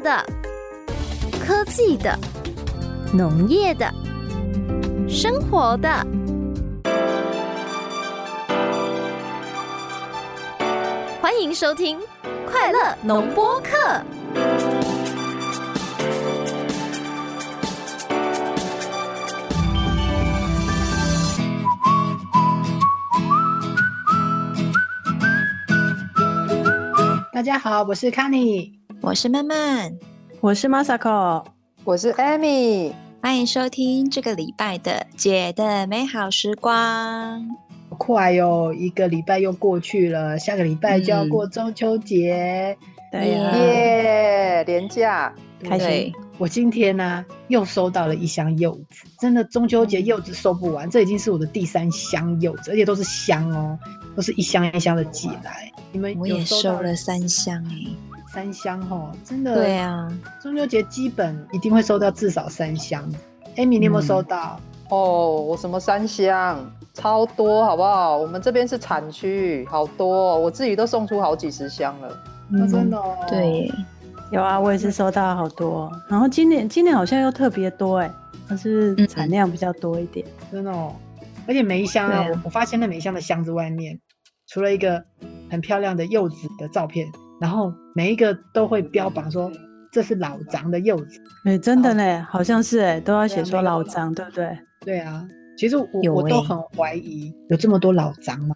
的科技的農業的生活的，歡迎收聽快樂農播客。大家好，我是 Kani 我是曼曼，我是馬薩克，我是艾米，歡迎收聽這個禮拜的姐的美好時光。好快哦，一個禮拜又過去了，下個禮拜就要過中秋節，營業、嗯了 yeah, 連假，對對開心始！我今天呢又收到了一箱柚子，真的中秋節柚子收不完，這已經是我的第三箱柚子，而且都是箱哦，都是一箱一箱的寄來。你們我，我也收了三箱欸三箱哦，真的對呀、啊！中秋節基本一定會收到至少三箱。嗯、Amy，你有沒有收到？嗯、哦，我什麼三箱，超多，好不好？我們這邊是產區，好多、哦，我自己都送出好幾十箱了、嗯哦。真的哦，對，有啊，我也是收到好多。嗯、然後今年今年好像又特別多，哎，可是產量比較多一點，嗯、真的哦。而且每一箱、啊，啊、我發現那每一箱的箱子外面，除了一個很漂亮的柚子的照片。然後每一個都會標榜說，這是老欉的柚子，哎、嗯後欸，真的嘞，好像是哎、欸，都要寫說老欉，對不對？對啊，其實我、欸、我都很懷疑，有這麼多老欉嗎？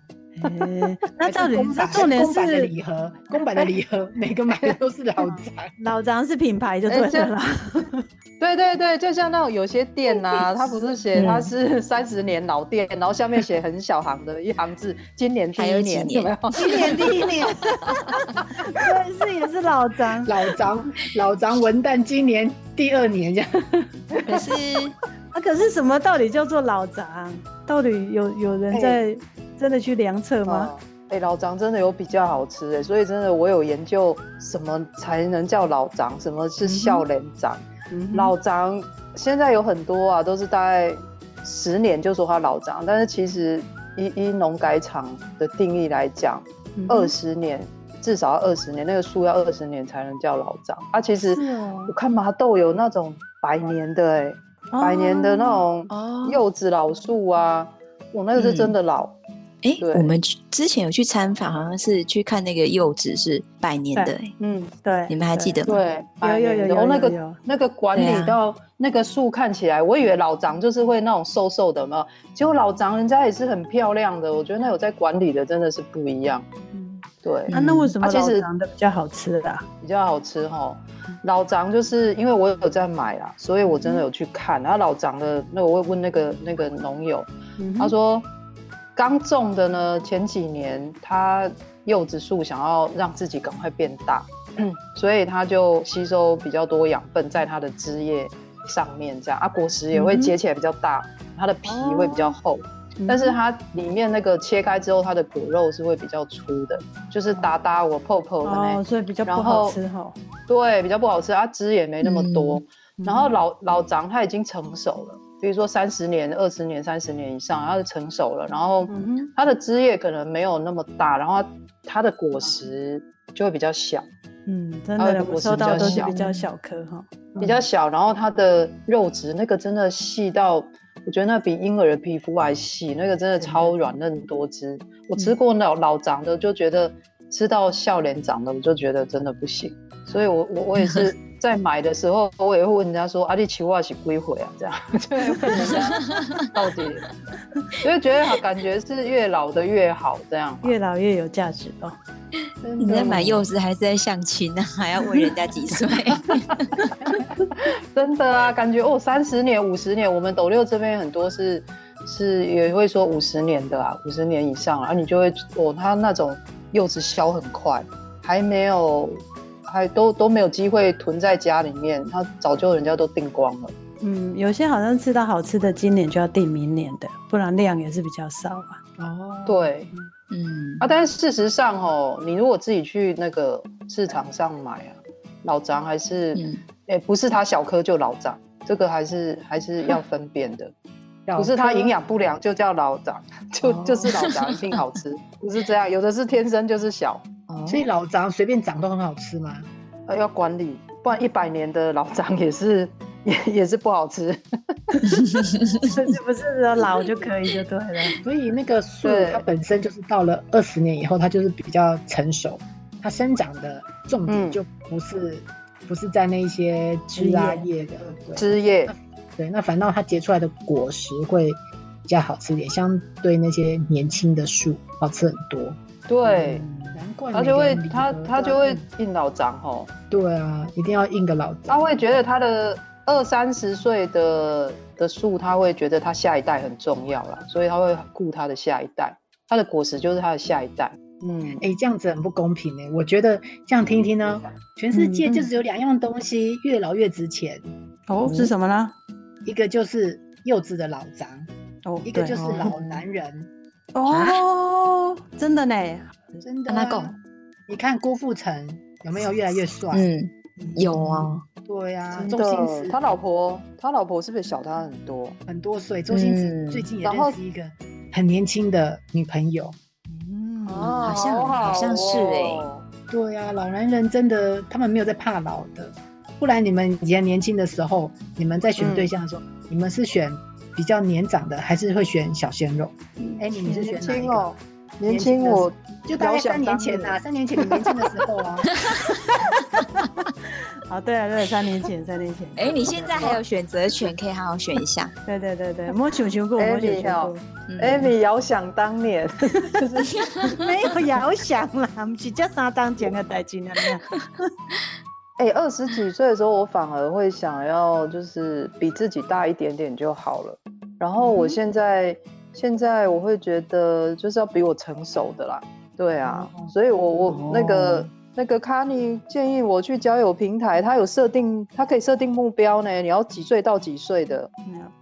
那到底是周年版的禮盒，公版的禮盒，每個買的都是老張。老張是品牌就對了。對對對，就像那種有些店啊，他不是寫他是三十年老店，然後下面寫很小行的一行字，今年第一年，今年第一年，對，是也是老張。老張，老張文旦今年第二年這樣，可是。啊、可是什麼到底叫做老欉？到底有有人在真的去量測嗎？哎、欸嗯欸，老欉真的有比較好吃哎，所以真的我有研究什麼才能叫老欉，什麼是少年欉。嗯嗯、老欉現在有很多啊，都是大概十年就說他老欉，但是其實以以農改場的定義來講，二十、嗯、哼年至少要二十年，那個樹要二十年才能叫老欉。啊，其實、哦、我看麻豆有那種百年的哎。嗯哦、百年的那種柚子老樹啊，我、哦哦、那個是真的老。哎、嗯對欸，我們之前有去參訪，好像是去看那個柚子是百年的、欸。嗯，對，你們還記得嗎？對，對年有有有，有然後那個有有有有那個管理到那個樹看起來，啊、我以為老欉就是會那種瘦瘦的嘛，結果老欉人家也是很漂亮的。我覺得那有在管理的真的是不一樣。對，那為什麼老欉的比較好吃啦？比較好吃齁，老欉就是因為我有在買啦，所以我真的有去看。嗯、哼然後老欉的，那我會問那個那個農友，嗯、哼他說剛種的呢，前幾年他柚子樹想要讓自己趕快變大，嗯、所以他就吸收比較多養分在它的枝葉上面，這樣、嗯、哼啊，果實也會結起來比較大，它、嗯、哼的皮會比較厚。哦嗯、但是它裡面那個切開之後，它的果肉是會比較粗的，就是噠噠我泡泡的、哦欸哦，所以比較不好吃哈、哦。對，比較不好吃，它、啊、汁也沒那麼多。嗯、然後老老欉它已經成熟了，嗯、比如說三十年、二十年、三十年以上，它是成熟了，然後它的枝葉可能沒有那麼大，然後它的果實就會比較小，嗯，真的它的果實比較小，比較小顆哈、哦，嗯、比較小。然後它的肉質那個真的細到。我覺得那比嬰兒的皮膚還細，那個真的超軟嫩多汁。嗯、我吃過老老欉的，就覺得吃到少年欉的，我就覺得真的不行。所以我，我我我也是。 在買的時候，我也會問人家說：“阿弟奇瓦是歸回啊？”這樣就會問人家 到底，因為覺得感覺是越老的越好，這樣越老越有價值哦。哦，你在買柚子還是在相親啊？還要問人家幾歲？ 真的啊，感覺哦，三十年、五十年，我們斗六這邊很多是是也會說五十年的啊，五十年以上、啊，而、啊、你就會哦，它那種柚子削很快，還沒有。還都都沒有機會囤在家裡面，他早就人家都訂光了。嗯，有些好像吃到好吃的，今年就要訂明年的，不然量也是比較少啊。哦，對，嗯啊，但是事實上哦，你如果自己去那個市場上買啊，老欉還是誒、嗯欸，不是它小顆就老欉，這個還是還是要分辨的，嗯、不是它營養不良、嗯、就叫老欉，哦、 就就是老欉一定好吃， 不是這樣，有的是天生就是小。嗯，所以老欉隨便長都很好吃嗎？要管理，不然一百年的老欉，也是也也是不好吃。 是不是老就可以就對了。所以那個樹它本身就是到了二十年以後，它就是比較成熟，對它生長的重點就不是不是在那些枝啊葉的枝葉，對，那反倒它結出來的果實會比較好吃點，相對那些年輕的樹好吃很多。對。嗯他就會他他就會印老欉吼，對啊，一定要印個老欉。他會覺得他的二三十歲的的樹，他會覺得他下一代很重要了，所以他會顧他的下一代。他的果實就是他的下一代。嗯，哎，這樣子很不公平哎，我覺得這樣聽聽呢，全世界就是有兩樣東西越老越值錢。哦，是什麼呢？一個就是柚子的老欉，哦，一個就是老男人。哦，oh, 啊、真的呢，真的。你看郭富城有沒有越來越帥？嗯，嗯，有啊。對啊，周星馳，他老婆，他老婆是不是小他很多很多歲？周星馳最近也認識一個很年輕的女朋友。哦、嗯嗯，好像好像是哎、欸。好好哦、對啊，老男人真的，他們沒有在怕老的。不然你們以前年輕的時候，你們在選對象的時候，嗯、你們是選？比較年長的還是會選小鮮肉 Amy、嗯欸、你是選哪個？年輕我想當年年輕就大概三年前吶，三年前年輕的時候啊。 好，對啊，對，三年前，三年前。哎，你現在還有選擇權，可以好好選一下。對對對對，摸球球給我選選。哎，你遙、嗯、想當年，就是、沒有遙想啦，我們只講三當簡和代金的。 誒、欸，二十幾歲的時候，我反而會想要就是比自己大一點點就好了。然後我現在，嗯、現在我會覺得就是要比我成熟的啦。對啊，嗯哦，所以我我、嗯哦、那個那個卡尼建議我去交友平台，他有設定，他可以設定目標呢。你要幾歲到幾歲的？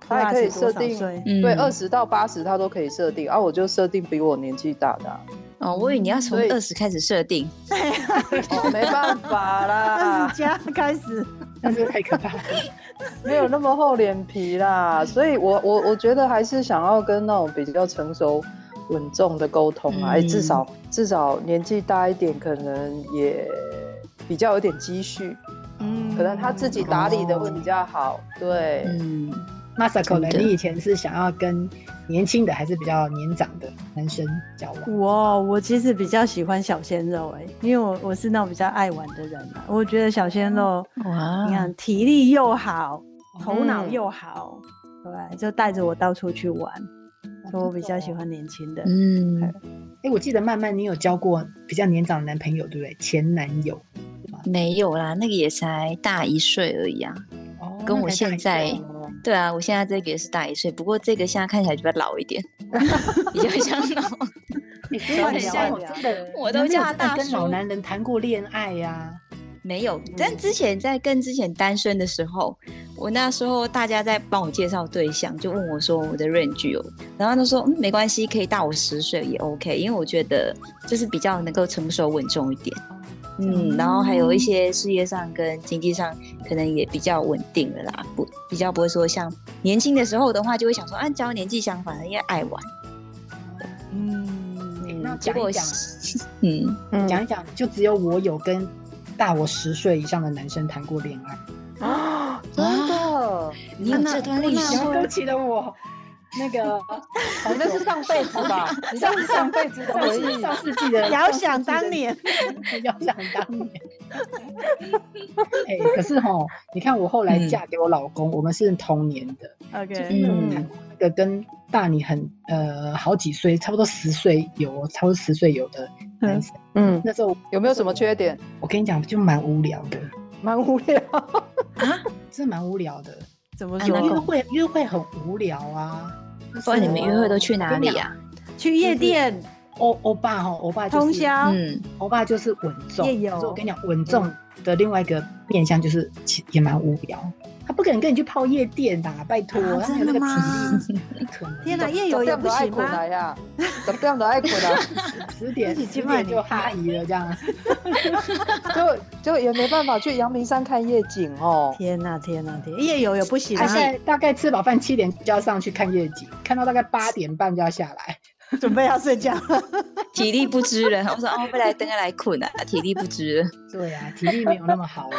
他也、嗯、可以設定，對，二十、嗯、到八十他都可以設定。然、啊、我就設定比我年紀大的。哦，我以為你要從二十開始設定、嗯哎呀 哦，沒辦法啦，二十加 開始，那是太可怕了， 沒有那麼厚臉皮啦。所以我，我我我覺得還是想要跟那種比較成熟、穩重的溝通、嗯欸，至少至少年紀大一點，可能也比較有點積蓄，嗯、可能他自己打理的會比較好，嗯、對，嗯。Masako 呢？的你以前是想要跟年輕的，還是比較年長的男生交往？我我其實比較喜歡小鮮肉哎，欸，因為我我是那種比較愛玩的人嘛、啊，我覺得小鮮肉、嗯、你看體力又好，頭腦又好，嗯、對，就帶着我到處去玩，啊、所以我比較喜歡年輕的、啊真的哦。嗯，哎嘿、欸，我記得曼曼你有交過比較年長的男朋友對不對？前男友沒有啦，那個也才大一歲而已啊，哦、跟我現在。對啊，我現在這個也是大一歲，不過這個現在看起來就比較老一點， 比較像老。你不像聊，我都叫他大。你跟老男人談過戀愛呀？啊，沒有。但之前在跟之前單身的時候，嗯、我那時候大家在幫我介紹對象，就問我說我的 range 哦，然後他說、嗯、沒關係，可以大我十歲也 OK，因為我覺得就是比較能夠成熟穩重一點。嗯，然後還有一些事業上跟經濟上可能也比較穩定了啦，不比較不會說像年輕的時候的話，就會想說，按、啊、照年紀相仿，應該愛玩。嗯，那結果我想，嗯，講、欸、一講果、嗯，就只有我有跟大我十歲以上的男生談過戀愛、嗯、啊，真的，啊、你有這段歷史，勾起了我。那個，那是上輩子吧，上上輩子的上世紀的，遙想當年，遙想當年。哎，可是齁，你看我後來嫁給我老公，我們是同年的，就是那個跟大你很呃好幾歲，差不多十歲有，差不多十歲有的男生。嗯嗯，那時候有沒有什麼缺點？我跟你講，就蠻無聊的，蠻無聊啊，真的蠻無聊的。怎麼說、啊、約會？約會很無聊啊！所以你們約會都去哪裡啊？去夜店。歐歐巴吼，歐巴、就是、通宵。嗯，歐巴就是穩重。夜遊。我跟你講，穩重的另外一個面向就是，也蠻無聊。他不可能跟你去泡夜店的，拜託。真的嗎？他沒有那個體力，不可能。天啊，夜遊也不行嗎？怎麼這樣都愛睏的。十點、十點就哈姨了，這樣子。就就也沒辦法去陽明山看夜景哦。天哪，天哪，天！夜遊也不行。大大概吃飽飯七點就要上去看夜景，看到大概八點半就要下來，準備要睡覺。體力不支了。我說哦，不來登個來睏了，體力不支。對啊，體力沒有那麼好。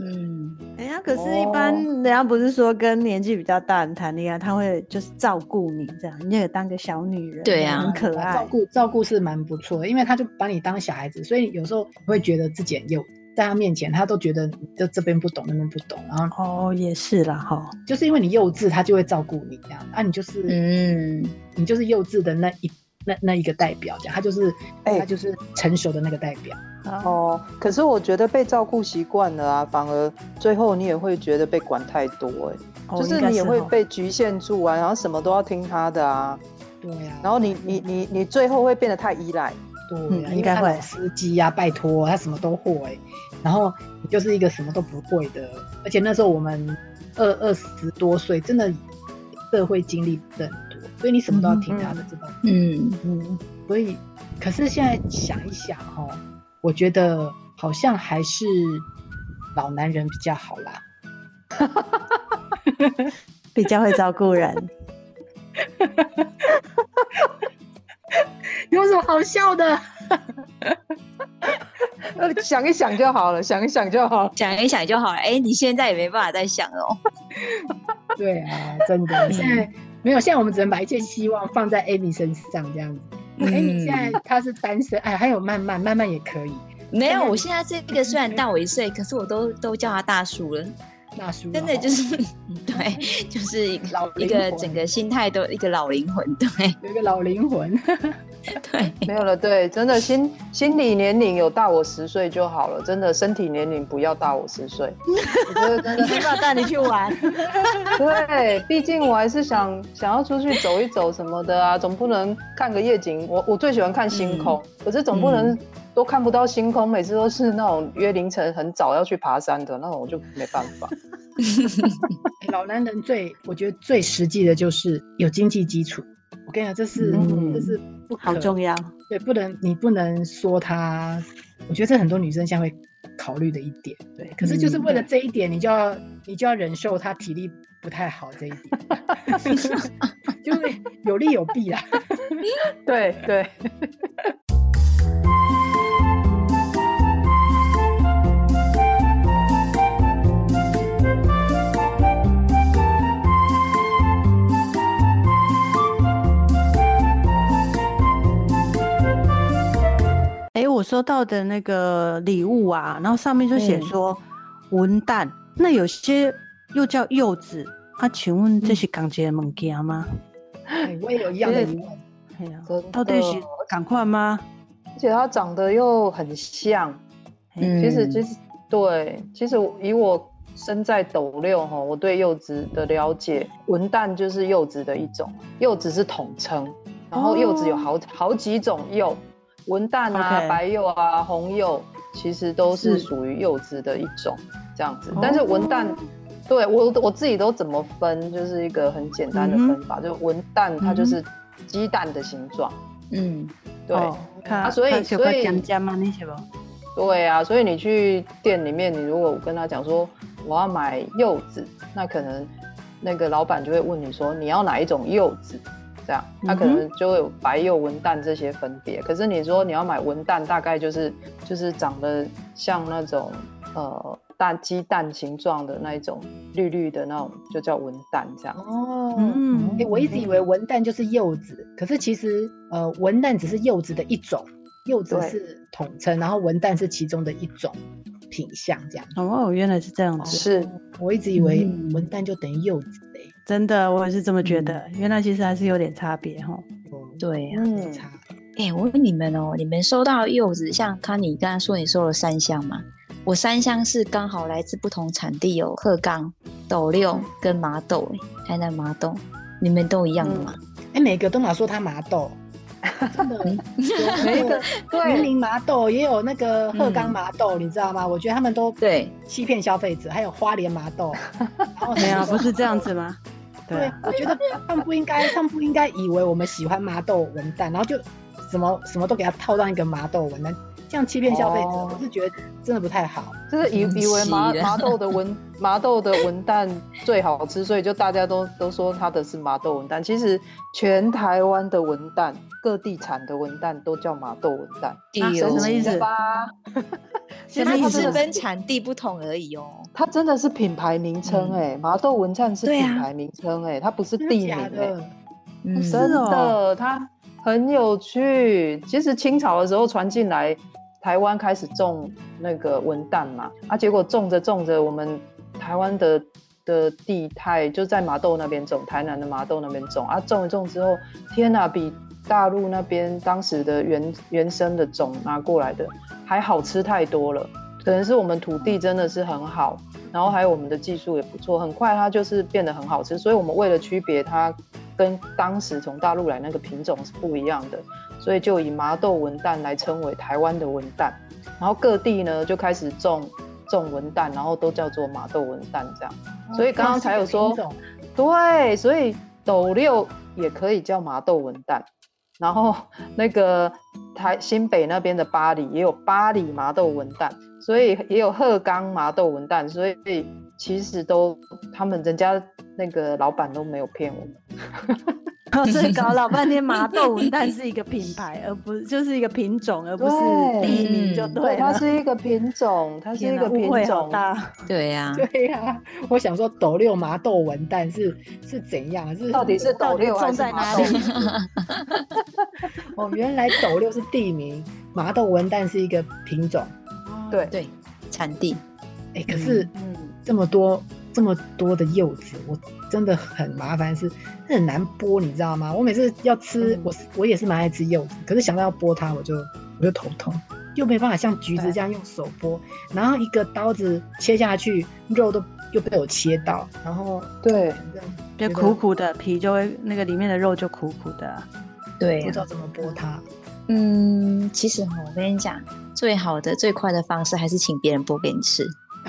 嗯，哎呀，可是，一般人家不是說跟年紀比較大的人談戀愛，哦、他會就是照顧你這樣，你也當個小女人。對呀、啊，很可愛。照顧照顧是蠻不錯，因為他就把你當小孩子，所以有時候會覺得自己很幼在他面前，他都覺得就這這邊不懂，那邊不懂，然後哦，也是啦，哈，就是因為你幼稚，他就會照顧你這樣，那、啊、你就是嗯，你就是幼稚的那一那那一個代表這樣，他就是、欸、他就是成熟的那個代表。啊、哦，可是我覺得被照顧習慣了啊，反而最後你也會覺得被管太多哎、欸，哦、就是你也會被局限住啊，哦、然後什麼都要聽他的啊。對呀、啊，然後你、嗯、你你你最後會變得太依賴，對啊，應該會。司機呀，拜托他什麼都會，然後你就是一個什麼都不會的。而且那時候我們二二十多歲，真的社會經歷不是很多，所以你什麼都要聽他的這種，嗯嗯。嗯嗯所以，可是現在想一想，哦。我覺得好像還是老男人比較好啦， 比較會照顧人。 有什麼好笑的？ 想一想就好了，想一想就好，想一想就好了。哎、欸，你現在也沒辦法再想哦。 對啊，真的。真的 沒有，現在我們只能把一件希望放在 Amy 身上這樣子。嗯、Amy 現在她是單身，哎，還有慢慢，慢慢也可以。沒有，我現在這個雖然大我一歲，可是我都都叫他大叔了，大叔，真的就是 對，就是一個整個心態都一個老靈魂，對，有一個老靈魂。 對，沒有了。對，真的心心理年齡有大我十歲就好了。真的身體年齡不要大我十歲。 我覺得真的，你爸帶你去玩。 對，畢竟我還是想想要出去走一走什麼的啊，總不能看個夜景。我我最喜歡看星空，嗯、可是總不能都看不到星空。嗯、每次都是那種約凌晨很早要去爬山的那種，我就沒辦法。 老男人最我覺得最實際的就是有經濟基礎。我跟你講，這是、嗯、這是不可好重要，對，不能你不能說他，我覺得這很多女生現在會考慮的一點，對，可是就是為了這一點，你就要、嗯、你就要忍受他體力不太好這一點，就是有利有弊啊，對，咦對。對 哎、欸，我收到的那個禮物啊，然後上面就寫說文旦“文旦、嗯”，那有些又叫柚子、嗯、啊？請問這是一樣的東西嗎、欸？我也有一樣的疑問，對啊、的到底是一樣嗎？而且它長得又很像，嗯、其實，其實，對，其實以我身在斗六哈，我對柚子的了解，文旦就是柚子的一種，柚子是統稱，然後柚子有好好幾種柚。文旦啊，Okay. 白柚啊，紅柚，其實都是屬於柚子的一種這樣子。是。但是文旦，Oh. 對我我自己都怎麼分，就是一個很簡單的分法，Mm-hmm. 就文旦它就是雞蛋的形狀。嗯、Mm-hmm. 對。Oh. 啊較所，所以所以對啊，所以你去店裡面，你如果我跟他講說我要買柚子，那可能那個老闆就會問你說你要哪一種柚子？這樣，它可能就會白有白柚、文旦這些分別。嗯、哼可是你說你要買文旦，大概就是就是長得像那種呃大雞蛋形狀的那一種綠綠的那種，就叫文旦這樣。哦，嗯、欸，我一直以為文旦就是柚子，嗯、哼可是其實呃文旦只是柚子的一種，柚子是統稱，對然後文旦是其中的一種品相這樣。哦，原來是這樣子，是我一直以為文旦就等於柚子。真的，我也是這麼覺得。原來其實還是有點差別哈。對呀，差。哎，我問你們哦，你們收到柚子，像康妮 n 剛才說你收了三箱嘛？我三箱是剛好來自不同產地哦，鶴岡、斗六跟麻豆，還南麻豆。你們都一樣嗎？哎，每個都老說它麻豆，真的，每個對。雲林麻豆也有那個鶴岡麻豆，你知道嗎？我覺得他們都對欺騙消費者。還有花蓮麻豆，沒有，不是這樣子嗎？對，我覺得他們不應該， 他們不應該以為我們喜歡麻豆文旦，然後就，什麼什麼都給他套上一個麻豆文旦，這樣欺騙消費者，哦、我是覺得真的不太好。就是以以為麻麻豆的文麻豆的文旦最好吃，所以就大家都都說它的是麻豆文旦。其實全台灣的文旦，各地產的文旦都叫麻豆文旦，誰、啊、什麼意思？吧 只是分產地不同而已哦。它真的是品牌名稱哎、欸，嗯、麻豆文旦是品牌名稱、欸、啊、它不是地名、欸、真的、的真的，嗯、它很有趣。其實清朝的時候傳進來，台灣開始種那個文旦嘛，啊，結果種着種着，我們台灣的的地態就在麻豆那邊種，台南的麻豆那邊種，啊，種一種之後，天哪、啊，比大陸那邊當時的原原生的種拿過來的，還好吃太多了。可能是我們土地真的是很好，然後還有我們的技術也不錯，很快它就是變得很好吃。所以我們為了區別它跟當時從大陸來那個品種是不一樣的，所以就以麻豆文旦來稱為台灣的文旦。然後各地呢就開始種種文旦，然後都叫做麻豆文旦這樣。哦，所以剛剛才有說，對，所以斗六也可以叫麻豆文旦。然後那個台新北那邊的八里也有八里麻豆文旦，所以也有鶴岡麻豆文旦，所以其實都他們人家那個老闆都沒有騙我們。 是、 哦，搞老半天麻豆文旦是一個品牌， 而不就是一個品種，對而不是地名就對，對它是一個品種，它是一個品種、啊、對呀、啊，對呀、啊。我想說，斗六麻豆文旦是是怎樣？是到底是斗六還是麻豆？ 哦，原來斗六是地名，麻豆文旦是一個品種。對對，產地。哎、欸，可是嗯，這麼多。這麼多的柚子，我真的很麻煩，是很難剝，你知道嗎？我每次要吃，我、嗯、我也是蠻愛吃柚子，可是想到要剝它，我就我就頭痛，又沒辦法像橘子這樣用手剝，對然後一個刀子切下去，肉都又被我切到，然後對，就苦苦的皮就會那個裡面的肉就苦苦的，對、啊，不知道怎麼剝它。嗯，其實、哦、我跟你講，最好的最快的方式還是請別人剝給你吃。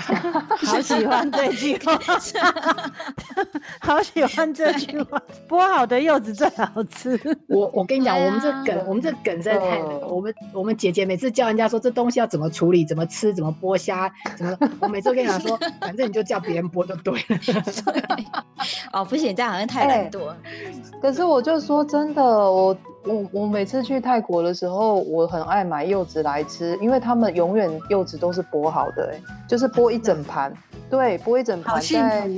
好喜歡這句話、 啊， 好喜歡這句話對。剝好的柚子最好吃。我我我跟你講，哎、呀我們這梗，我們這梗真的太……哦、我們我們姐姐每次叫人家說這東西要怎麼處理，怎麼吃，怎麼剝蝦，怎麼……我每次跟你講說， 反正你就叫別人剝就對了所以。 哦，不行，這樣好像太懶惰。對 可是我就說真的，我。我我每次去泰國的時候，我很愛買柚子來吃，因為他們永遠柚子都是剝好的，哎，就是剝一整盤，啊、對，剝一整盤在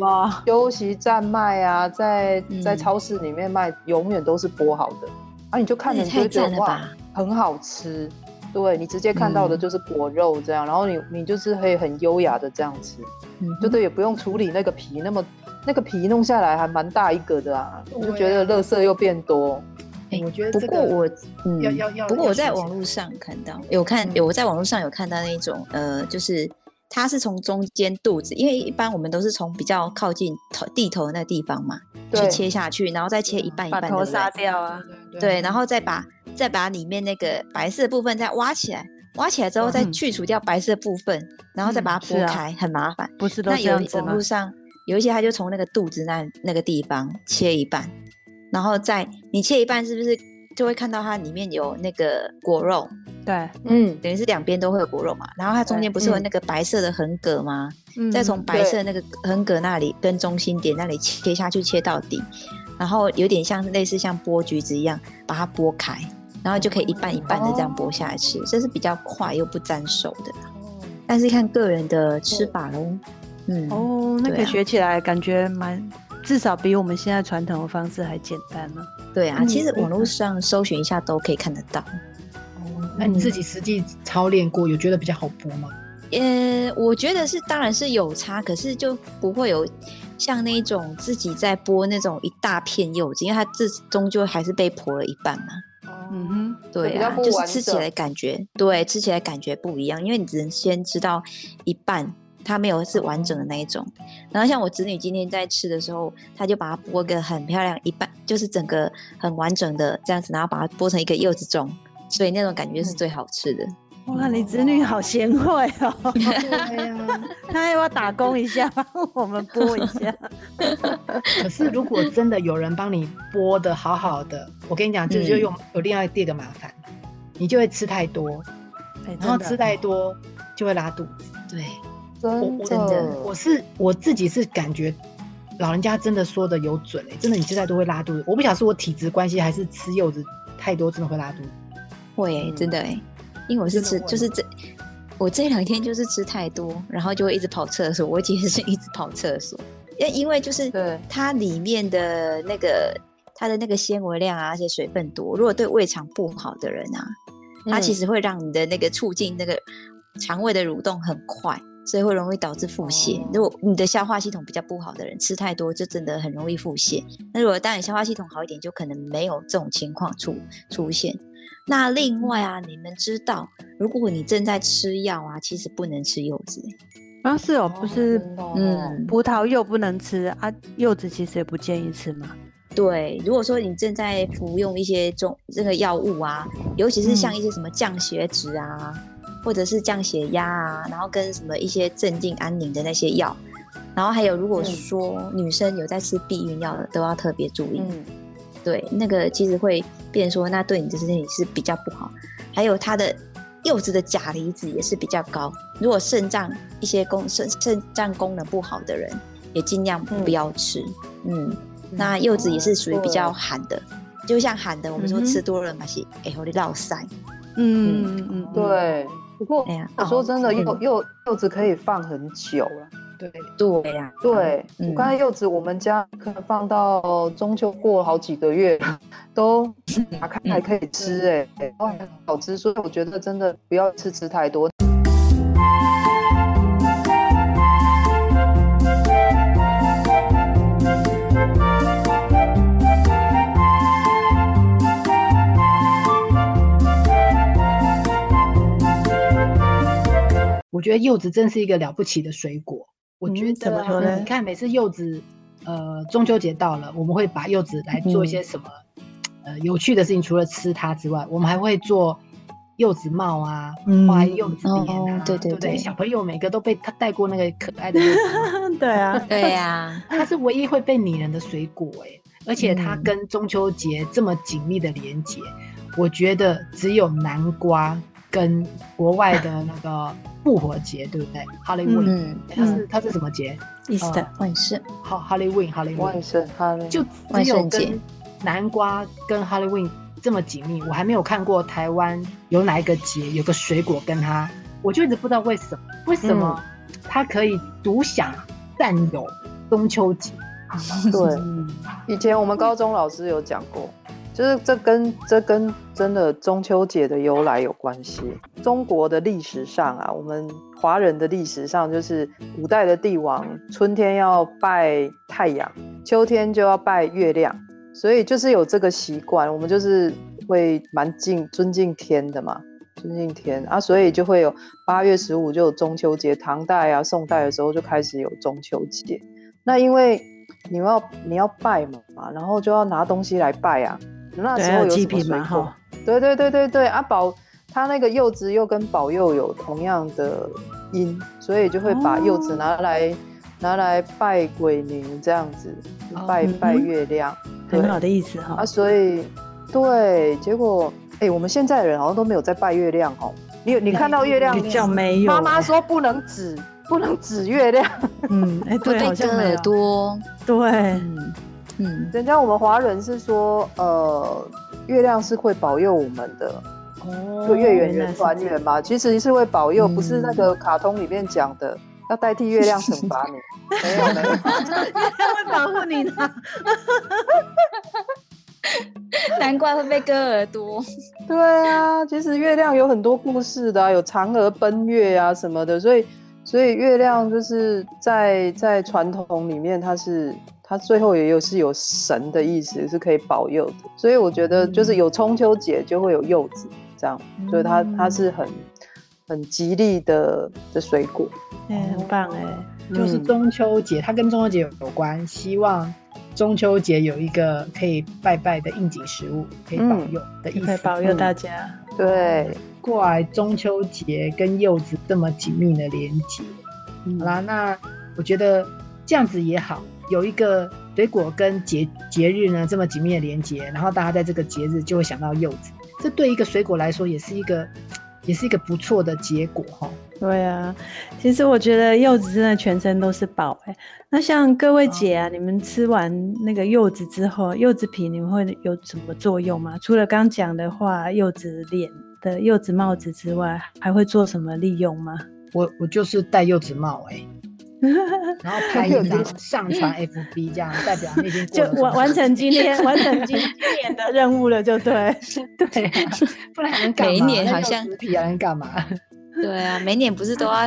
休息站賣啊，在、嗯、在超市裡面賣，永遠都是剝好的，啊，你就看着就覺得哇，很好吃，對你直接看到的就是果肉這樣，嗯、然後你你就是可以很優雅的這樣吃，嗯哼，就對，也不用處理那個皮，那麼那個皮弄下來還蠻大一個的啊，啊就覺得垃圾又變多。嗯欸、不過我嗯，要要不過我在網絡上看到有看有、嗯、我在網絡上有看到那種呃，就是它是從中間肚子，因為一般我們都是從比較靠近頭地頭那個地方嘛，對去切下去，然後再切一半一半的，把頭殺掉啊，對，對，對，然後再把再把裡面那個白色的部分再挖起來，挖起來之後再去除掉白色的部分，嗯、然後再把它剝開，嗯啊、很麻煩，不是，都是這樣子嗎？那有網絡上有一些它就從那個肚子那那個地方切一半。然後再你切一半，是不是就會看到它裡面有那個果肉？對，嗯，等於是兩邊都會有果肉嘛。然後它中間不是有那個白色的橫隔嗎？嗯、再從白色那個橫隔那裡、嗯、跟中心點那裡切下去，切到底，然後有點像類似像剝橘子一樣，把它剝開，然後就可以一半一半的這樣剝下來吃。嗯哦、這是比較快又不沾手的，但是看個人的吃法嘍。對嗯哦，那個學起來、啊、感覺蠻。至少比我們現在傳統的方式還簡單呢？對啊，嗯、其實網絡上搜尋一下都可以看得到。哦、嗯，嗯、那你自己實際操練過，有覺得比較好剝嗎？呃、嗯，我覺得是，當然是有差，可是就不會有像那種自己在剝那種一大片柚子，因為它這終究還是被剝了一半嘛。嗯哼，對啊，就是吃起來感覺，對，吃起來的感覺不一樣，因為你只能先吃到一半。它沒有是完整的那一種，然後像我侄女今天在吃的時候，她就把它剝個很漂亮一半，就是整個很完整的這樣子，然後把它剝成一個柚子狀，所以那種感覺是最好吃的。哇，嗯、哇，你侄女好賢惠哦！啊、他要不要打工一下？幫我們剝一下。可是如果真的有人幫你剝的好好的，我跟你講，嗯、就就用有另外第二個麻煩，你就會吃太多，欸、然後吃太多就會拉肚子。對。真的我我真的我是我自己是感覺，老人家真的說的有準、欸、真的你現在都會拉肚子。我不曉得是我體質關係，還是吃柚子太多，真的會拉肚子。會、欸、真的哎、欸，嗯、因為我是吃就是這，我這兩天就是吃太多，然後就會一直跑廁所。我其實是一直跑廁所，因因為就是它裡面的那個、嗯、它的那個纖維量啊，而且水分多，如果對胃腸不好的人啊，它其實會讓你的那個促進那個腸胃的蠕動很快，所以會容易導致腹瀉。嗯、如果你的消化系統比較不好的人，吃太多就真的很容易腹瀉。那如果當你消化系統好一點，就可能沒有這種情況出出現。那另外啊，嗯、你們知道，如果你正在吃藥啊，其實不能吃柚子、欸。啊，是哦，不是，哦、嗯，葡萄又不能吃啊，柚子其實也不建議吃嘛。對，如果說你正在服用一些中這個藥物啊，尤其是像一些什麼降血脂啊。嗯或者是降血壓啊，然後跟什麼一些鎮靜安寧的那些藥，然後還有如果說女生有在吃避孕藥的，都要特別注意。嗯、對，那個其實會變成說，那對你的身體是比較不好。還有它的柚子的鉀離子也是比較高，如果腎臟一些功腎腎臟功能不好的人，也儘量不要吃。嗯，嗯，那柚子也是屬於比較寒的，哦、就像寒的，我們說吃多了嘛，是哎，給你落賽。嗯嗯，嗯嗯對。不過我、哎、呀說真的，柚柚、哦、柚子可以放很久了，嗯、對對呀，對、嗯、我剛才柚子，我們家可能放到中秋過了好幾個月了，都打開、嗯、還可以吃、欸，哎、嗯，都很好吃。所以我覺得真的不要吃吃太多。我覺得柚子真是一個了不起的水果。嗯、我覺得怎麼說呢、嗯，你看每次柚子，呃，中秋節到了，我們會把柚子來做一些什麼，嗯、呃，有趣的事情。除了吃它之外，嗯、我們還會做柚子帽啊，畫、嗯、柚子臉啊哦哦，對對對，對，對，小朋友每個都被他戴過那個可愛的。 對啊，對啊它，它是唯一會被擬人的水果哎、欸，而且它跟中秋節這麼緊密的連接，嗯、我覺得只有南瓜。跟國外的那個復活節對不對？Halloween，它是它是什麼節？萬聖。好，Halloween，Halloween 萬聖。就只有跟南瓜跟 Halloween 這麼緊密，我還沒有看過台灣有哪一個節有個水果跟它，我就一直不知道為什麼，為什麼它可以獨享佔有中秋節？對，以前我們高中老師有講過。就是這跟這跟真的中秋節的由來有關係。中國的歷史上啊，我們華人的歷史上就是古代的帝王，春天要拜太陽，秋天就要拜月亮，所以就是有這個習慣，我們就是會蠻敬尊敬天的嘛，尊敬天啊，所以就會有八月十五就有中秋節。唐代啊，宋代的時候就開始有中秋節。那因為你要你要拜嘛嘛，然後就要拿東西來拜啊。那時候有什麼水果？對對對對，阿寶他那個柚子又跟保佑有同樣的音，所以就會把柚子拿來拿來拜鬼靈這樣子，拜拜月亮，哦嗯、對很好的意思哈、哦。啊，所以對，結果哎、欸，我們現在人好像都沒有在拜月亮哦。你你看到月亮比較沒有媽媽、欸、說不能指，不能指月亮。嗯，哎、欸啊， 對，好像沒有多。對。嗯，人家我們華人是說，呃，月亮是會保佑我們的，哦，就月圓圓團圓嘛，其實是會保佑，嗯、不是那個卡通裡面講的要代替月亮懲罰你 沒有，沒有沒有， 月亮會保護你的 難怪會被割耳朵。對啊，其實月亮有很多故事的、啊，有嫦娥奔月啊什麼的，所以所以月亮就是在在傳統裡面它是。它最後也有是有神的意思，是可以保佑的，所以我覺得就是有中秋節就會有柚子，嗯、這樣，所以它它是很很吉利的的水果，欸，很棒哎，欸，嗯，就是中秋節它跟中秋節有關，希望中秋節有一個可以拜拜的應景食物，可以保佑的意思，嗯，可以保佑大家，對，過來中秋節跟柚子這麼緊密的連接，好啦，那我覺得這樣子也好。有一個水果跟節節日呢這麼緊密的連接，然後大家在這個節日就會想到柚子，這對一個水果來說也是一個也是一個不錯的結果哈。對啊，其實我覺得柚子真的全身都是寶欸。那像各位姐啊，哦，你們吃完那個柚子之後，柚子皮你們會有什麼作用嗎？除了剛講的話，柚子臉的柚子帽子之外，還會做什麼利用嗎？我我就是戴柚子帽欸。 然後拍一張上傳 FB，這樣 代表已經就完完成今天完成今今年的任務了，就對， 對、啊，不然能幹嘛？每年好像能幹嘛？對啊，每年不是都要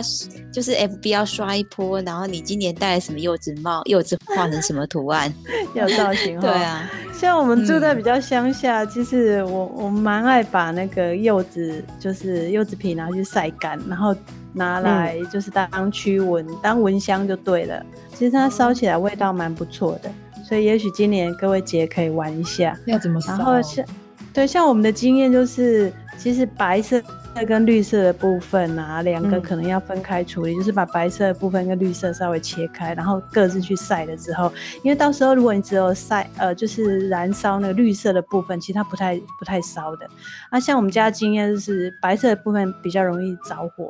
就是 FB 要刷一波，然後你今年戴了什麼柚子帽，柚子畫成什麼圖案，要 造型。 對啊，像我們住在比較鄉下，嗯、其實我我蠻愛把那個柚子，就是柚子皮拿去曬乾，然後。拿來就是當驅蚊、嗯、當蚊香就對了。其實它燒起來味道蠻不錯的，所以也許今年各位姐可以玩一下。要怎麼燒？對，像我們的經驗就是，其實白色跟綠色的部分啊，兩個可能要分開處理，嗯、就是把白色的部分跟綠色稍微切開，然後各自去曬了之後，因為到時候如果你只有曬呃就是燃燒那個綠色的部分，其實它不太不太燒的。啊，像我們家的經驗就是白色的部分比較容易着火。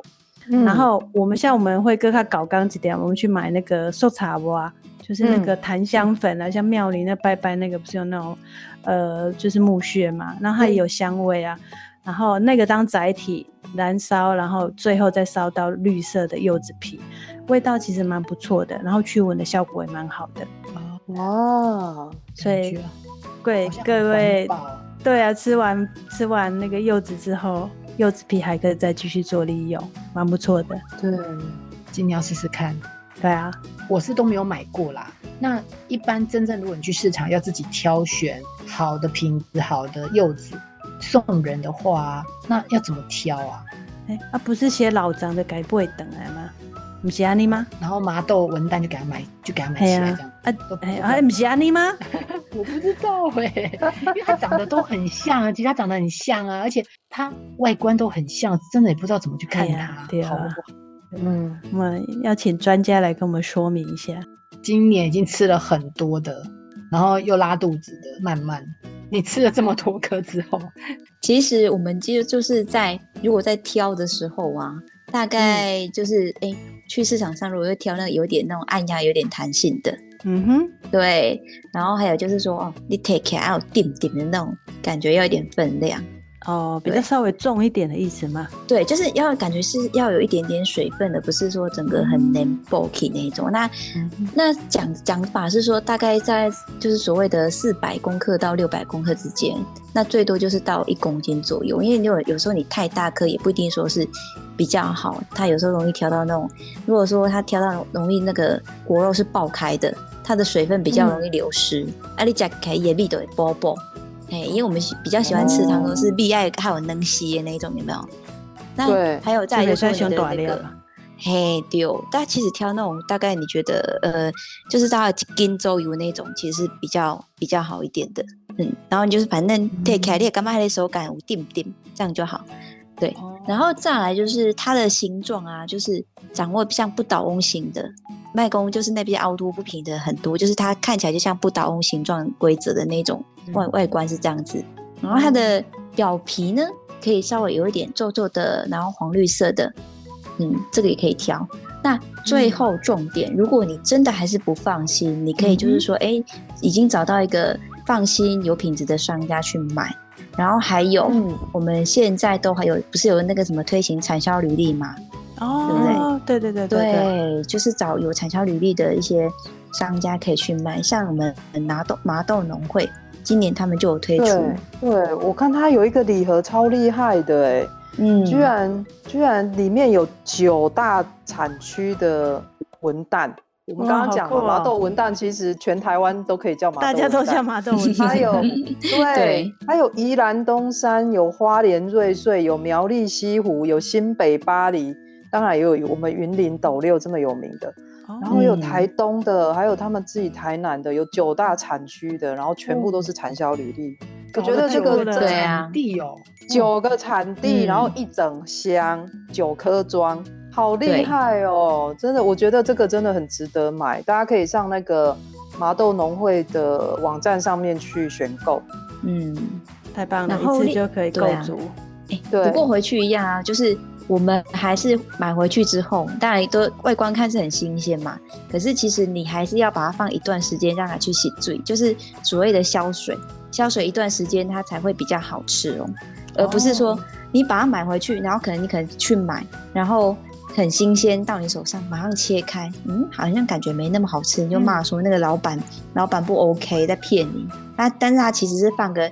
嗯、然後我們像我們會跟他搞高級點，我們去買那個樹茶哇，就是那個檀香粉啊，嗯、像廟裡那拜拜那個不是有那種，呃，就是木屑嘛，然後它也有香味啊，嗯、然後那個當載體燃燒，然後最後再燒到綠色的柚子皮，味道其實蠻不錯的，然後驅蚊的效果也蠻好的。哦，哇，所以，對各位，對啊，吃完吃完那個柚子之後，柚子皮還可以再繼續做利用，蠻不錯的。對，今年要試試看。對啊，我是都沒有買過啦。那一般真正如果你去市場要自己挑選好的品質、好的柚子送人的話，那要怎麼挑啊？哎、欸，啊不是寫老欉的該不會等來嗎？不是安妮嗎？然後麻豆文旦就給他買，就給他買起來這樣。啊，樣啊都哎、欸，不是安妮嗎？ 我不知道哎、欸，因為它長得都很像啊， 其實他長得很像啊，而且它外觀都很像，真的也不知道怎麼去看它，哎。對啊。好不好。嗯，我們要請專家來跟我們說明一下。今年已經吃了很多的，然後又拉肚子的，慢慢。你吃了這麼多顆之後，其實我們其實就是在，如果在挑的時候啊，大概就是哎、嗯欸，去市場上如果要挑那個有點那種按壓，有點彈性的。嗯哼，對，然後還有就是說，哦，你 take care out 有點點的那種感覺，要一點分量。哦，比較稍微重一點的意思嗎？對，就是要感覺是要有一點點水分的，不是說整個很難剝那一種。那、嗯、哼那講講法是說，大概在就是所謂的四百公克到六百公克之間，那最多就是到一公斤左右。因為你有有時候你太大顆，也不一定說是比較好。它有時候容易挑到那種，如果說它挑到容易那個果肉是爆開的，它的水分比較容易流失。哎、嗯、啊、你夾開也密都會包哎，因為我們比較喜歡吃，他們是必愛還有能吸的那種，有沒有？對那還有再來就是有在選短的。嘿對。但其實挑那種大概你覺得呃，就是它的筋周油那種，其實是比較比較好一點的。嗯，然後你就是反正對，開裂幹嘛？它的手感我定定這樣就好。對，然後再來就是它的形狀啊，就是掌握像不倒翁型的。毛孔就是那邊凹凸不平的很多，就是它看起來就像不倒翁形狀規則的那種外外觀是這樣子。然後它的表皮呢，可以稍微有一點皺皺的，然後黃綠色的，嗯，這個也可以挑。那最後重點，嗯、如果你真的還是不放心，你可以就是說，哎、嗯欸，已經找到一個放心有品質的商家去買。然後還有，嗯、我們現在都還有，不是有那個什麼推行產銷履歷嗎？哦，oh, 對，對，對對對對，對，對，就是找有產銷履歷的一些商家可以去買，像我們拿豆麻豆農會，今年他們就有推出。對，對，我看它有一個禮盒，超厲害的哎，嗯，居然居然裡面有九大產區的文旦，嗯、我們剛剛講過麻豆文旦，哦、其實全台灣都可以叫麻豆文旦，大家都叫麻豆文旦。還 有對，還對有宜蘭東山有花蓮瑞穗有苗栗西湖有新北巴黎。當然也有我們雲林斗六這麼有名的，然後有台東的，還有他們自己台南的，有九大產區的，然後全部都是產銷履歷。我覺得這個產地哦、喔，啊嗯、九個產地，然後一整箱九顆裝，好厲害哦、喔！對真的，我覺得這個真的很值得買。大家可以上那個麻豆農會的網站上面去選購。嗯，太棒了，然後一次就可以購足。哎、啊，欸、對不過回去一樣啊，就是。我們還是買回去之後，當然都外觀看是很新鮮嘛。可是其實你還是要把它放一段時間，讓它去洗水，就是所謂的消水。消水一段時間，它才會比較好吃哦，而不是說你把它買回去，哦、然後可能你可能去買，然後很新鮮到你手上馬上切開，嗯，好像感覺沒那麼好吃，你就罵說那個老板，嗯、老板不 OK，在騙你。那但是他其實是放個，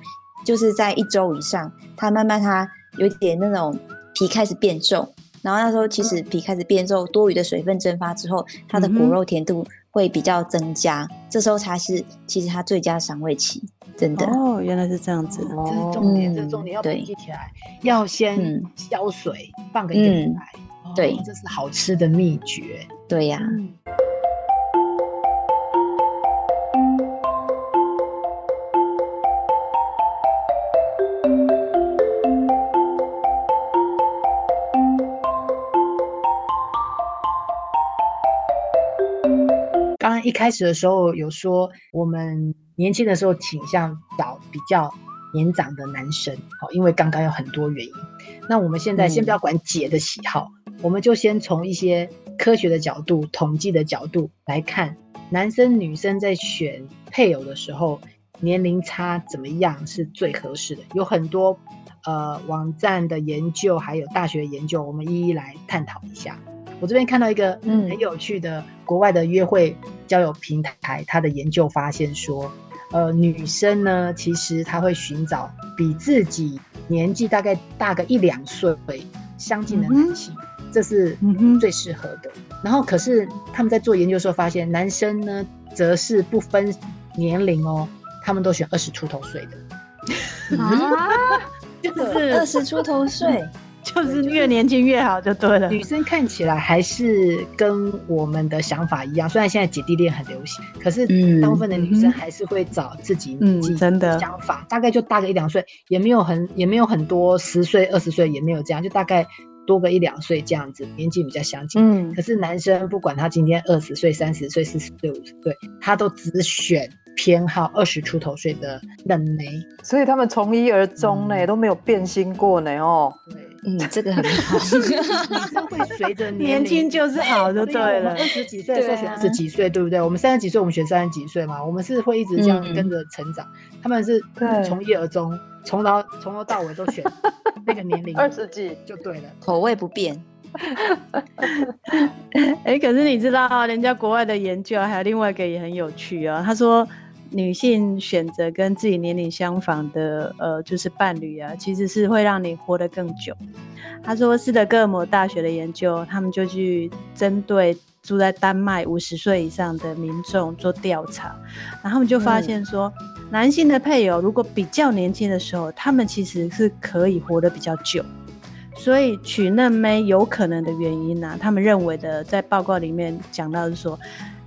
就是在一周以上，它慢慢它有點那種。皮開始變皺，然後那時候其實皮開始變皺，多餘的水分蒸發之後，它的果肉甜度會比較增加，這時候才是其實它最佳賞味期。真的哦，原來是這樣子，這是重點，這個重點要記起來，要先消水，放個禮拜。對，這是好吃的秘訣，對呀。一開始的時候有說，我們年輕的時候傾向找比較年長的男生，好，因為剛剛有很多原因。那我們現在先不要管姐的喜好，嗯，我們就先從一些科學的角度、統計的角度來看，男生女生在選配偶的時候，年齡差怎麼樣是最合適的？有很多呃網站的研究，還有大學研究，我們一一來探討一下。我這邊看到一個很有趣的國外的約會交友平台，它、嗯、的研究發現說，呃，女生呢，其實她會尋找比自己年紀大概大個一兩歲相近的男性，嗯、哼這是最適合的。嗯、哼然後，可是他們在做研究的時候發現，男生呢，則是不分年齡哦，他們都選二十出頭歲的，啊、 就是、二十出頭歲。 就是越年輕越好，就對了對、就是呃。女生看起來還是跟我們的想法一樣，雖然現在姐弟戀很流行，可是大部分的女生還是會找自己年紀真的想法，嗯、大概就大個一兩歲、嗯，也沒有很也沒有很多十歲、二十歲也沒有這樣，就大概多個一兩歲這樣子，年紀比較相近。嗯。可是男生不管他今天二十歲、三十歲、四十歲、五十歲，他都只選偏好二十出頭歲的嫩妹，所以他們從一而終呢，嗯、都沒有變心過呢哦。對嗯，這個很好， 是,是會隨着年輕就是好，就對了。二十幾歲的時候選二十幾歲，對,啊、對不對？我們三十幾歲，我們選三十幾歲嘛。我們是會一直這樣跟着成長。嗯嗯他們是從一而終，從頭從頭到尾都選那個年齡，二十幾就對了 口味不變。哎、 欸，可是你知道，人家國外的研究還有另外一個也很有趣啊，他說。女性選擇跟自己年齡相仿的，呃，就是伴侶啊，其實是會讓你活得更久。他說斯德哥爾摩大學的研究，他們就去針對住在丹麥五十歲以上的民眾做調查，然後他們就發現說，嗯、男性的配偶如果比較年輕的時候，他們其實是可以活得比較久。所以娶嫩妹有可能的原因呢？啊？他們認為的在報告裡面講到是說。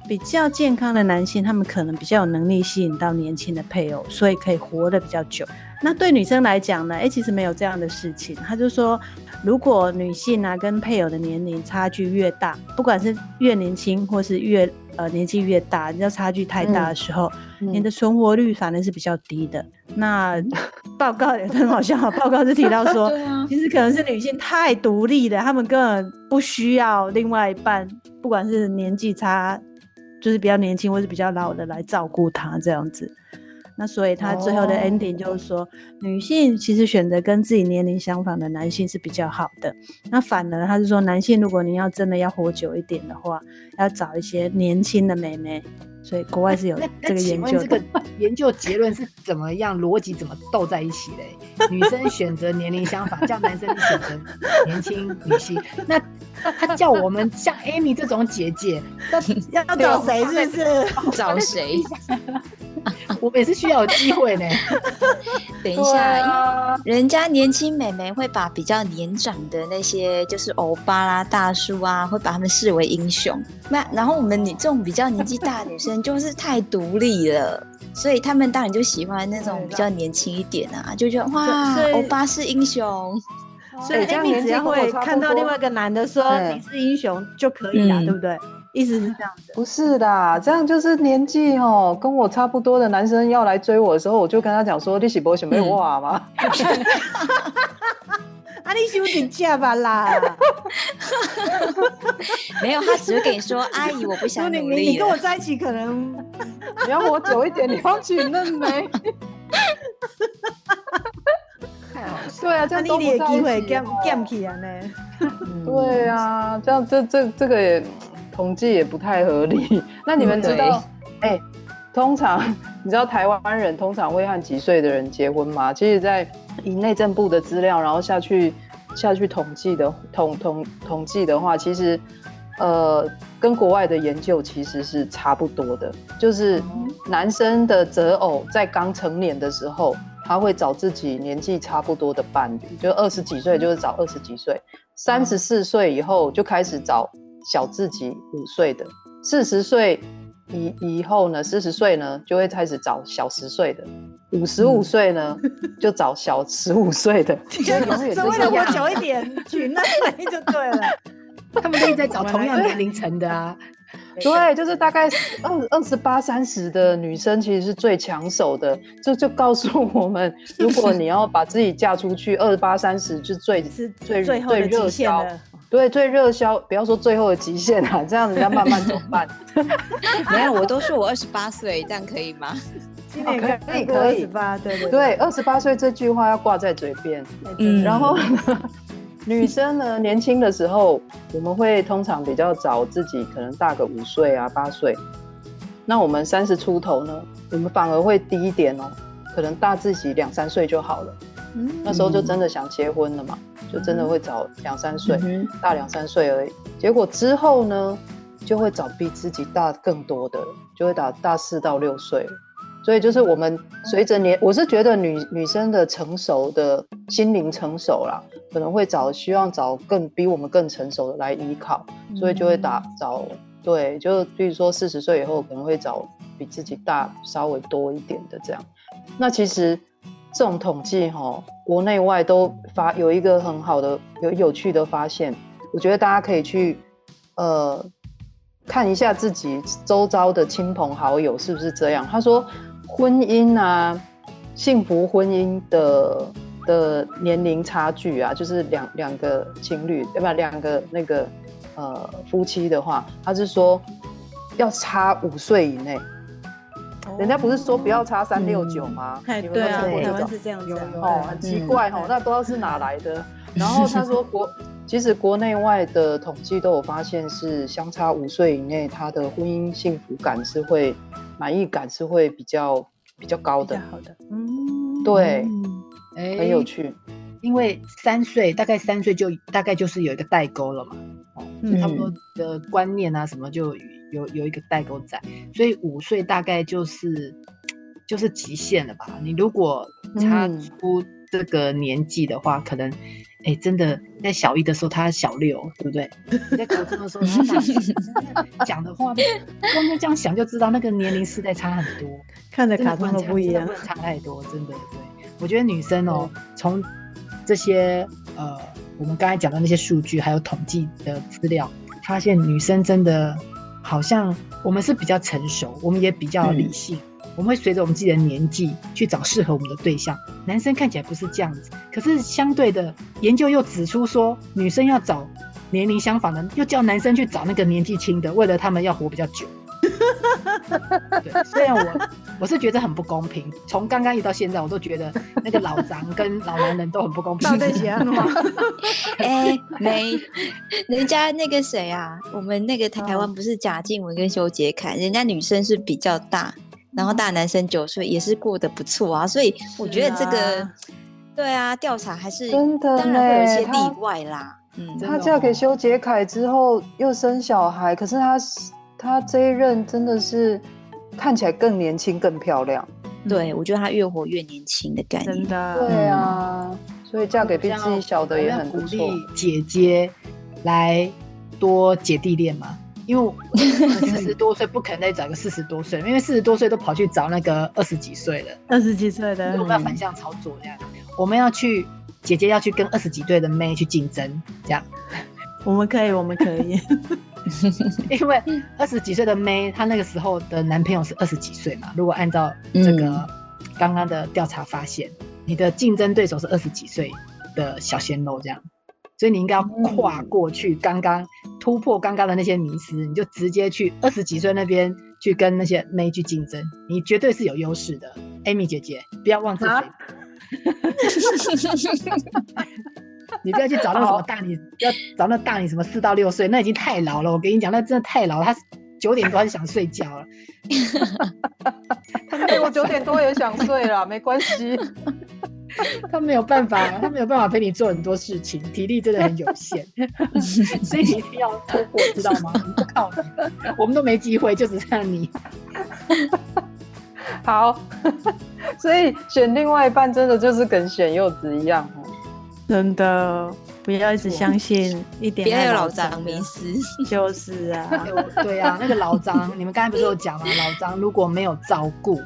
比較健康的男性，他們可能比較有能力吸引到年輕的配偶，所以可以活得比較久。那對女生來講呢？哎、欸，其實沒有這樣的事情。他就說，如果女性啊跟配偶的年齡差距越大，不管是越年輕或是越呃年紀越大，要差距太大的時候，嗯、你的存活率反而是比較低的。嗯、那報告也很好笑， 報告是提到說， 對啊、其實可能是女性太獨立了，他們根本不需要另外一半，不管是年紀差。就是比較年輕，或者是比較老的來照顧他這樣子，那所以他最後的 ending 就是說，oh. 女性其實選擇跟自己年齡相仿的男性是比較好的。那反而他是說，男性如果你要真的要活久一點的話，要找一些年輕的妹妹。所以國外是有這個研究的，這個研究結論是怎麼樣？ 邏輯怎麼鬥在一起的。女生選擇年齡相仿，叫男生是選擇年輕女性。那他叫我們像 Amy 這種姐姐，要 要找誰？是不是找誰誰？ 我也是需要有機會呢。等一下，哇人家年輕美眉會把比較年長的那些，就是歐巴啦、大叔啊，會把他們視為英雄。那然後我們你這種比較年紀大的女生，就是太獨立了，所以他們當然就喜歡那種比較年輕一點啊，啦就覺得哇，歐以巴是英雄，欸、所以這樣年會看到另外一個男的說你是英雄就可以了。啊，對，對不對？嗯、意思是這樣子。不是的，這樣就是年紀哦，跟我差不多的男生要來追我的時候，我就跟他講說，你喜不喜沒被挖嗎？啊，你休請假吧啦。 沒有，他只是跟你說：“ 阿姨，我不想努力了。不你你跟我在一起可能， 你要活久一點了了，你放棄嫩梅。對啊，這樣都不機會減減去啊？呢、嗯？對啊，這樣這這這個也統計也不太合理。 那你們知道？哎、嗯對欸，通常你知道台灣人通常會和幾歲的人結婚嗎？其實，在以內政部的資料，然後下去。下去統計的統統統計的話，其實，呃，跟國外的研究其實是差不多的。就是男生的擇偶在剛成年的時候，他會找自己年紀差不多的伴侶，就二十幾歲就是找二十幾歲，三十四歲以後就開始找小自己五歲的，四十歲。以以後呢，四十歲呢就會開始找小十歲的，五十五歲呢、嗯、 就找小十五歲的，其實也為了多找一點群，那 就對了。 他們可以在找同樣年齡層的啊， 對，就是大概二二十八、三十的女生其實是最搶手的，就就告訴我們，如果你要把自己嫁出去，二十八、三十 是最後的最最最熱銷。對，最熱銷，不要說最後的極限啊，這樣人家慢慢怎麼辦？你看 我都說我二十八歲，這樣可以嗎？今年、哦、可以，可以二十八，以28，對，對對。對二十八歲這句話要掛在嘴邊，嗯。然後女生呢，年輕的時候我們會通常比較早，自己可能大個五歲啊、八歲。那我們三十出頭呢，我們反而會低一點哦，可能大自己兩三歲就好了。嗯、那時候就真的想結婚了嘛。就真的會找兩三歲，嗯、哼大兩三歲而已。結果之後呢，就會找比自己大更多的，就會打大，大四到六歲。所以就是我們隨着年，嗯、我是覺得女女生的成熟的心靈成熟啦，可能會找希望找更比我們更成熟的來依靠，所以就會打、嗯、找對，就比如說四十歲以後，可能會找比自己大稍微多一點的這樣。那其實。這種統計哈、哦，國內外都發有一個很好的、有有趣的發現，我覺得大家可以去，呃，看一下自己周遭的親朋好友是不是這樣。他說，婚姻啊，幸福婚姻的的年齡差距啊，就是兩兩個情侶，要不然兩個那個呃夫妻的話，他是說要差五歲以內。人家不是說不要差三六九嗎？你們全國都是這樣子哦，很奇怪哦。那不知道是哪來的？然後他說國，其實國內外的統計都有發現，是相差五歲以內，他的婚姻幸福感是會，滿意感是會比較比較高的。嗯，對，很有趣。因為三歲大概三歲就大概就是有一個代溝了嘛，哦，就差不多的觀念啊什麼就。有有一個代溝在，所以五歲大概就是就是極限了吧？你如果差出這個年紀的話，嗯、可能哎、欸，真的在小一的時候他小六，對不對？ 在高中的時候講的、的話， 光就這樣想就知道那個年齡是在差很多，看着卡通的不一樣，差太多，真的。對，我覺得女生哦，從、嗯、這些呃，我們剛才講的那些數據還有統計的資料，發現女生真的。好像我們是比較成熟，我們也比較理性，嗯、我們會隨着我們自己的年紀去找適合我們的對象。男生看起來不是這樣子，可是相對的研究又指出說，女生要找年齡相仿的，又叫男生去找那個年紀輕的，為了他們要活比較久。哈 雖然我我是覺得很不公平，從剛剛一到現在，我都覺得那個老欉跟老男人都很不公平。是這樣嗎？哎，沒，人家那個誰啊，我們那個台灣不是賈靜雯跟修杰楷，人家女生是比較大，然後大男生九歲也是過得不錯啊，所以我覺得這個對啊，調查還是真的，當然會有一些例外啦。欸、他嗯，她嫁給修杰楷之後又生小孩，可是她。她這一任真的是看起來更年輕、更漂亮。嗯、對，我覺得她越活越年輕的感覺。真的，對啊。嗯、所以嫁給比自己小的也很不錯。鼓勵姐姐來多姐弟戀嘛？因為四十多歲不可能再找個四十多歲， 因為四十多歲都跑去找那個二十幾歲的。二十幾歲的。我們要反向操作這樣。嗯、我們要去姐姐要去跟二十幾歲的妹去競爭這樣。我們可以，我們可以。 因為二十幾歲的妹，她那個時候的男朋友是二十幾歲嘛？如果按照這個剛剛的調查發現，嗯、你的競爭對手是二十幾歲的小鮮肉這樣，所以你應該要跨過去，剛剛、嗯、突破剛剛的那些迷思，你就直接去二十幾歲那邊去跟那些妹去競爭，你絕對是有優勢的。Amy 姐姐，不要忘記你不要去找那個什麼大你，不好要找那大你什麼四到六歲，那已經太老了。我跟你講，那真的太老了，他九點多就想睡覺了。 他比、欸、我九點多也想睡了， 沒關係。他沒有辦法，他沒有辦法陪你做很多事情，體力真的很有限， 所以你一定要托火，知道嗎？你不靠你， 我們都沒機會，就只剩你。好， 所以選另外一半真的就是跟選柚子一樣。真的不要一直相信我一點，別有老欉迷思，就是啊、 欸，對啊，那個老欉， 你們剛才不是有講嗎？ 老欉如果沒有照顧，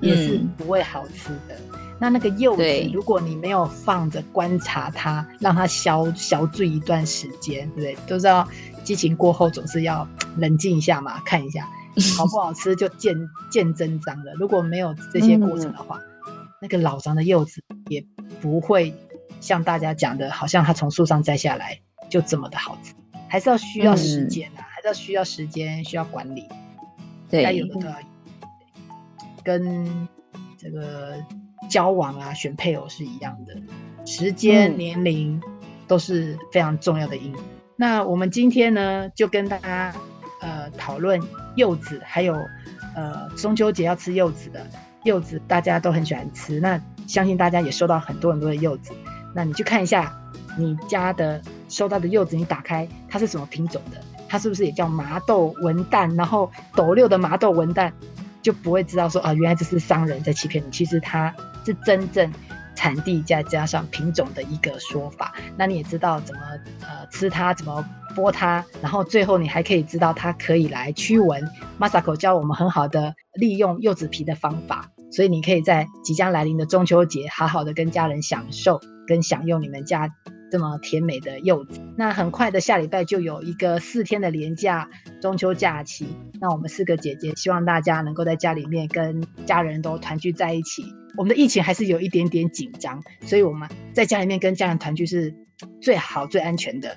也是不會好吃的。嗯、那那個柚子，對如果你沒有放着觀察它，讓它消對消水一段時間，對不對？都知道激情過後總是要冷靜一下嘛，看一下好不好吃，就見 見真章了。如果沒有這些過程的話，嗯、那個老欉的柚子也不會。像大家講的，好像它從樹上摘下來就這麼的好吃，還是要需要時間吶，嗯，還是要需要時間，需要管理。對，該有的跟這個交往啊、選配偶是一樣的，時間、嗯，年齡都是非常重要的因。那我們今天呢，就跟大家呃討論柚子，還有呃中秋節要吃柚子的，柚子大家都很喜歡吃，那相信大家也收到很多很多的柚子。那你去看一下你家的收到的柚子，你打開它是什麼品種的？它是不是也叫麻豆文旦？然後斗六的麻豆文旦就不會知道說啊，原來這是商人在欺騙你。其實它是真正產地再加上品種的一個說法。那你也知道怎麼呃吃它，怎麼剝它，然後最後你還可以知道它可以來驅蚊。Masako 教我們很好的利用柚子皮的方法，所以你可以在即將來臨的中秋節好好的跟家人享受。跟享用你們家這麼甜美的柚子，那很快的下禮拜就有一個四天的連假，中秋假期。那我們四個姐姐希望大家能夠在家裡面跟家人都團聚在一起。我們的疫情還是有一點點緊張，所以我們在家裡面跟家人團聚是最好最安全的。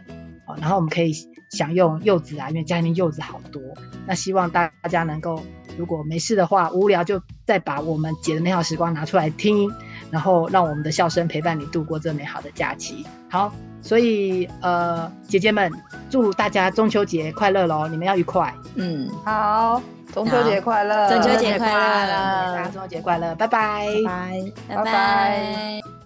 哦，然後我們可以享用柚子啊，因為家裡面柚子好多。那希望大家能夠，如果沒事的話，無聊就再把我們姐的美好時光拿出來聽。然後讓我們的笑聲陪伴你度過這美好的假期。好，所以呃，姐姐們，祝大家中秋節快樂嘍！你們要愉快。嗯，好，中秋節快樂，中秋節快樂，祝大家中秋節快樂，拜拜，拜拜，拜拜。拜拜。